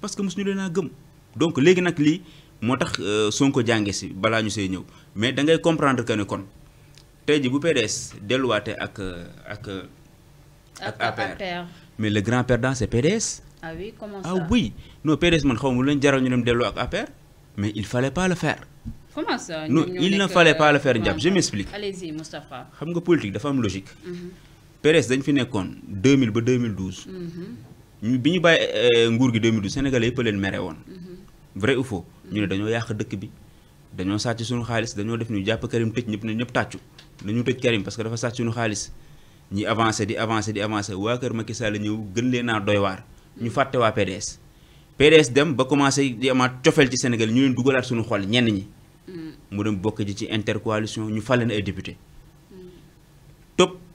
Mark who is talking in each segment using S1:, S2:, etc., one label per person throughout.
S1: parce que nous leen a gëm donc légui nak li motax euh, Sonko jangé ci bala ñu sey ñew mais da ngay comprendre que ne kon tey ji bu PDS delluwaatee ak euh, euh, ak ak APR mais le grand perdant c'est PDS ah oui comment ah ça ah oui nous PDS man avons dit lu leen jaral ñu dem delloo ak APR mais il fallait pas le faire
S2: comment ça non il ne fallait pas le faire je m'explique allez-y Moustapha
S1: xam nga politique dafa am logique mhm. PDS dañ fi nekkon 2000 ba 2012 bi ñu bàyyi euh, nguur gi 2012 sénégalais yëpp leen mere woon. vrai ou faux mm-hmm. ñu ne dañoo yàq dëkk bi dañoo sàcc suñu xaalis dañoo def ñu jàpp Karim tëj ñëpp ne ñëpp tàccu nañu tëj Karim parce que dafa sàcc suñu xaalis ñi avancé di avancé di avancé waa kër Macky la ñëw gën leen a doy waar. ñu mm-hmm. fàtte waa PDS. PDS dem ba commencé di cofeel ci Sénégal ñu leen dugalaat suñu xol ñenn ñi. Mm-hmm. mu dem bokk ji ci intercoalition ñu fal leen ay député.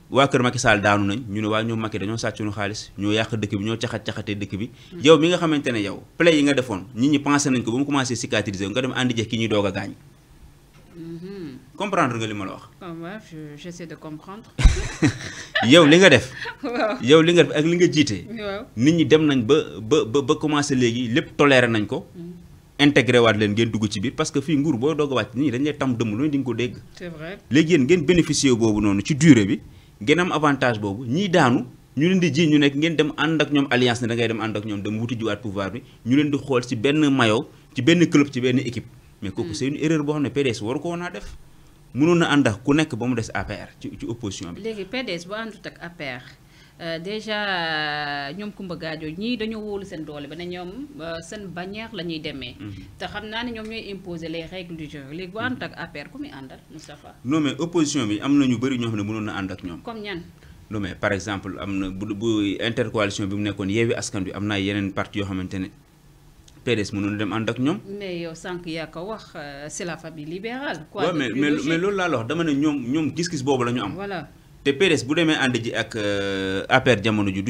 S1: waa kër Macky daanu nañ ñu ne wa ñu Macky dañu saccu ñu xaaliss ñu yàq dëkk bi ñoo taxat taxate dëkk bi yow mi nga xamantene yow play yi nga defoon nit ñi pensé nañ ko bu mu commencé cicatriser nga dem andi jeex ki ñuy doog a
S2: hmm
S1: comprendre nga li ma la wax
S2: ah, j'essaie de comprendre yow li nga def yow li nga def ak li nga jité
S1: nit ñi dem nañ ba ba ba commencé légui lépp toléré nañ ko mhm. intégrer waat leen ngeen dugg ci biir parce que fii nguur boo doog a wàcc nit ñi dañ lay tam dëmm lu ne di nga ko dégg c'est vrai léegi yéen ngeen bénéficier boobu noonu ci durée bi ngeen am avantage boobu ñii daanu ñu leen di ji ñu nekk ngeen dem ànd ak ñoom alliance ne da ngay dem ànd ak ñoom dem wuti jiwaat pouvoir bi ñu leen di xool ci benn maillot ci benn club ci benn équipe. mais kooku mm. c'est une boo xam ne PDS waru ko woon def mënoon na ànd ak ku nekk ba mu des APR ci ci opposition bi.
S2: léegi PDS bu àndut teg APR. Euh, déjà ñom Kumba Gaajo ñi dañu wóolu seen doole ba ne ñoom euh, seen bannière lañuy démé mhm. té xamna xam ñom ñoy imposer les règles du jeu les bu ànd mhm. ak APR ku muy àndal Moustapha.
S1: non mais opposition bi amna ñu bari ñoo xam ne mënoon na ak comme ñan. non mais par exemple amna bu intercoalition bi mu nekkoon yewi Askan bi amna yenen parti yo xamantene PDS mënoon dem andak ak ñoom.
S2: mais yow sank yaa ko wax euh, c'est la famille libérale. quoi mais mais
S1: loolu la wax dama ne ñom ñom gis-gis boobu la am. voilà te sommes bu euh, ak APR jamono du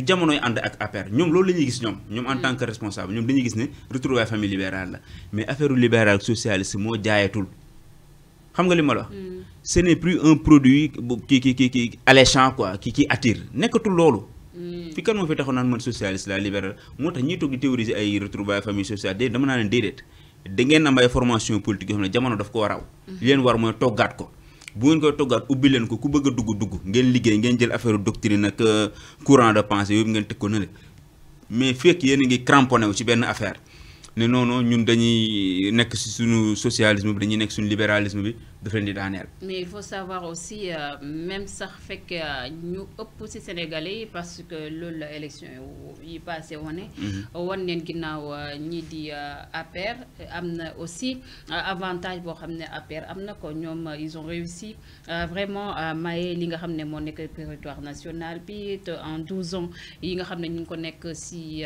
S1: ak APR nous loolu en tant que responsable ñom dañuy gis né famille libérale mais affaire libérale socialiste jaayatul xam nga li hmm. ce n'est plus un produit qui alléchant quoi attire loolu. Hmm. fi kan fi socialiste la théoriser famille sociale dama un direct. ngeen am formation politique jamono daf ko war hmm. li bu ngeen koy toggaat ubbi leen ko ku bëgg a dugg dugg ngeen liggéey ngeen jël affaire doctrine ak euh, courant de pensée yooyu ngeen teg ko nële mais fekk yéen a ngi cramponné wu ci benn affaire ne non non ñun dañuy nek ci suñu socialisme bi dañuy nek suñu libéralisme bi fin leen dernière.
S2: mais il faut savoir aussi euh, même sax fek euh, ñu ëpp opposés Sénégalais parce que lool la élection yi passé mhm. woné wan leen ginnaaw euh, ñii di APR amna na aussi avantage bo xamné APR amna ko ñom ils ont réussi vraiment maye li nga xamné mo nek le territoire national Puis, en 12 ans yi nga xamné ne ñu ko nek si.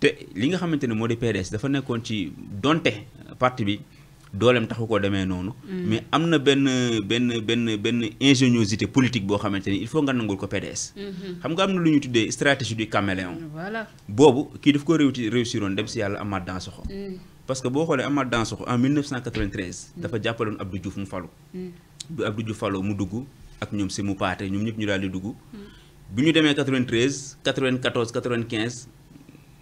S1: te li nga xamante ne moo di PDS dafa nekkoon ci donte parti bi dooleem taxu koo demee noonu. Mm. mais am na benn benn benn benn ingéniosité politique boo xamante ni il faut nga nangul ko PDS. Mm-hmm. xam nga am na lu ñu tuddee stratégie du caméléon. voilà boobu kii daf ko réussir réussiroon dem si yàlla Amath Dansokho. Mm. parce que boo xoolee Amath Dansokho en 1993. Mm. dafa jàppaloon Abdou Diouf mu falu. bu Abdou Diouf falo mu dugg ak ñoom si mu paate ñoom ñëpp ñu daal di dugg. bu ñu demee 93 94 95.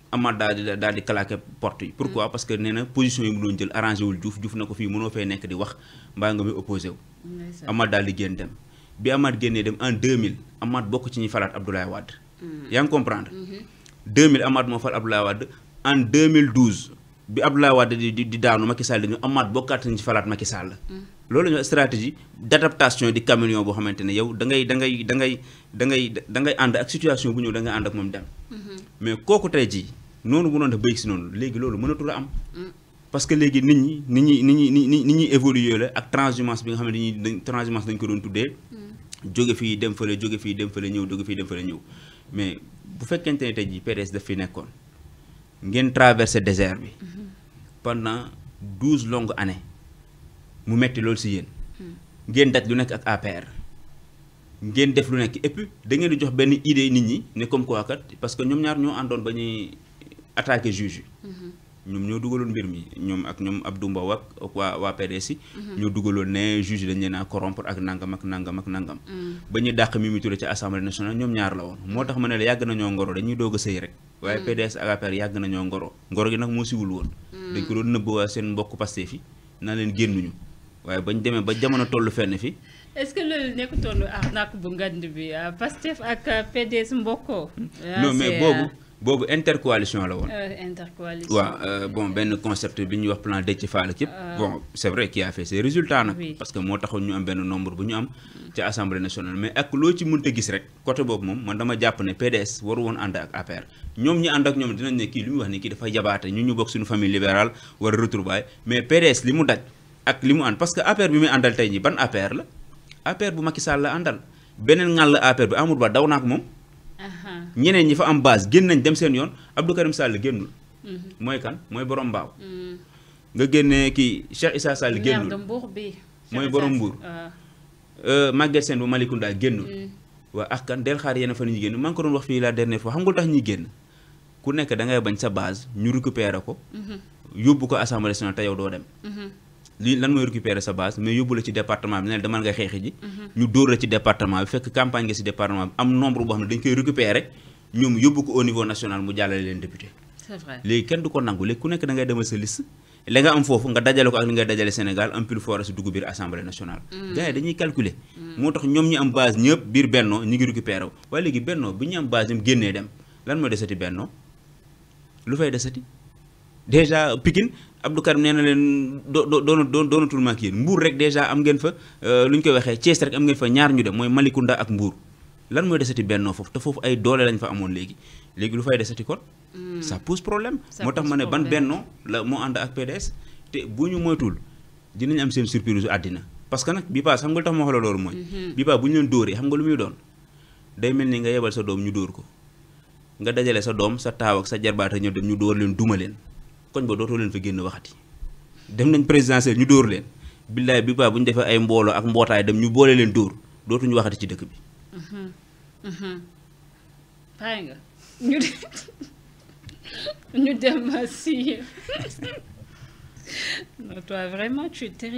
S1: Amath daal di daal di claqué port yi. pourquoi mm. parce que nee na position yi mu doon jël arrangé wul Diouf Diouf na ko fii mënoo fay nekk di wax mbaa nga muy opposé wu. daal di génn dem bi Amath génnee dem en mille Amath bokk ci ñuy falaat Abdoulaye Wade. Mm. yaa ngi comprendre. 2000 mm-hmm. Amath moo fal Abdoulaye Wade en 2012 bi Abdoulaye Wade di di di daanu Macky Sall di ñëw Amath bokkaat nañu falaat Macky Sall. Mm. loolu la stratégie d' adaptation di camion boo xamante ne yow da ngay da da ngay da da ngay ànd ak situation bu ñëw da ngay ànd ak moom dem. Mm-hmm. mais kooku tey jii noonu mu doon def ba si noonu léegi loolu mënatul am. parce que léegi nit ñi nit ñi nit ñi nit la ak transhumance bi nga xam ne transhumance dañ ko doon tuddé mm. jóge fi dem fële jóge fi dem fële ñëw jóge fi dem fële ñëw mais bu fekkenté ne tey PDS da fi nekkoon ngeen traverser désert bi. Mm-hmm. pendant 12 longues années mu metti loolu si yeen mm. ngeen daj lu nekk ak APR. ngeen def lu nekk et puis da ngeen di jox benn idée nit ñi ne comme quoi kat parce que ñoom ñaar ñoo àndoon ba ñuy attaqué juge mm-hmm. ñoom ñoo dugaloon mbir mi ñoom ak ñoom ab Mbow ak waa waa PDS yi. Mm-hmm. ñoo dugaloon ne juge dañ leen a corrompre ak nangam ak nangam ak nangam. Mm. ba ñuy dàq Mimi Touré ci assemblée nationale ñoom ñaar la woon moo tax ma ne la yàgg nañoo ngoro dañuy doog a sëy rek. Mm. waaye PDS ak APR yàgg nañoo ngoro ngoro gi nag moo siwul woon. Mm. dañ ko doon nëbb waa seen mbokk Pastef yi naa leen génnuñu waaye bañ demee ba jamono tollu fenn fi.
S2: est-ce que le nekkutoon arnaque ah, bu ngand bi ah, Pastef ak ah, PDS Mboko. non mais Bobu,
S1: Bobu intercoalition la won
S2: euh, intercoalition wa
S1: euh, bon ben concept bi ñu wax plan Déthié Fall ak euh. bon c'est vrai qu'il a fait ses résultats nag. parce que mo taxoon ñu am ben nombre bu ñu am. ci assemblée nationale mais ak lo ci mënta gis rek côté bobu mom man dama japp ne PDS waru won and ak APR. ñom ñi and ak ñom dinañ ne ki limu wax ne ki dafa jabaate ñu ñu bok suñu famille libérale war a retrouvaille mais PDS limu daj ak limu and parce que APR bi muy andal tay ñi ban APR la. APR bu Macky Sall la àndal beneen ngal la bi Amadou Ba daw naa ko moom. ñeneen ñi fa am base génn nañ dem seen yoon Abdou Karim Sall génnul. Mhm. mooy kan mooy borom mbaaw. Mhm. nga génne kii Cheikh Issa Sall génnul
S2: mooy borom mbuur euh,
S1: Maguette Sène bu Malicounda génnul. Mhm. waa ak ah kan del xaar fa fan ñu génn maa ko doon wax fii la dernière fois xam nga lu tax ñuy génn ku nekk da ngay bañ sa base ñu récupérer ko. yóbbu ko assemblée nationale te yow doo dem. li lan moy récupérer sa base mais yóbbu ci département bi ne demal nga xeexi ji mhm. ñu dóor ci département bi fekk campagne nga si département am nombre bo xam dañ koy récupérer ñoom yóbbu ko au niveau national mu jallale len député c'est vrai léegi kenn du ko nangu léegi ku nekk da ngay demal sa liste li nga am fofu nga dajalé ko ak li nga dajalé Sénégal am pile fort si dugg bir assemblée nationale mhm. gars dañuy calculer mhm. motax ñom ñoom ñu am base ñëpp bir benno ñi ngi récupérer wa waaye léegi bennoo bu ñu am base ñu génné dem lan moy déssati benno lu fay déssati déjà Pikine Abdou Karim nee na leen doo doona doonatul maak yéen Mbour rek déjà am ngeen fa euh, lu ñu koy waxee Thiès rek am ngeen fa ñaar ñu dem mooy Malicounda ak Mbour lan mooy desati bennoo foofu te foofu ay doole lañ fa amoon léegi léegi lu fay desati kon hmm. ça pose problème moo tax ma ne ban bennoo la moo ànd ak PDS te bu ñu moytul dinañ am seen surprise su àddina parce que nag bi paas xam nga lu tax ma wax la loolu mooy mm-hmm. bi paas bu ñu leen dóoree xam nga lu muy doon day mel ni nga yebal sa doom ñu dóor ko nga dajale sa doom sa taaw ak sa jarbaata ñëw dem ñu dóor leen duma leen koñ ba dootoo leen fa génn waxati dem nañ présidentielle ñu dóor leen billaay bi ba bu ñu defee ay mbooloo ak mbootaay dem ñu boole leen dóor dootuñu waxati ci dëkk
S2: bi. Mhm, mhm. pare nga ñu ñu dem si non toi vraiment tu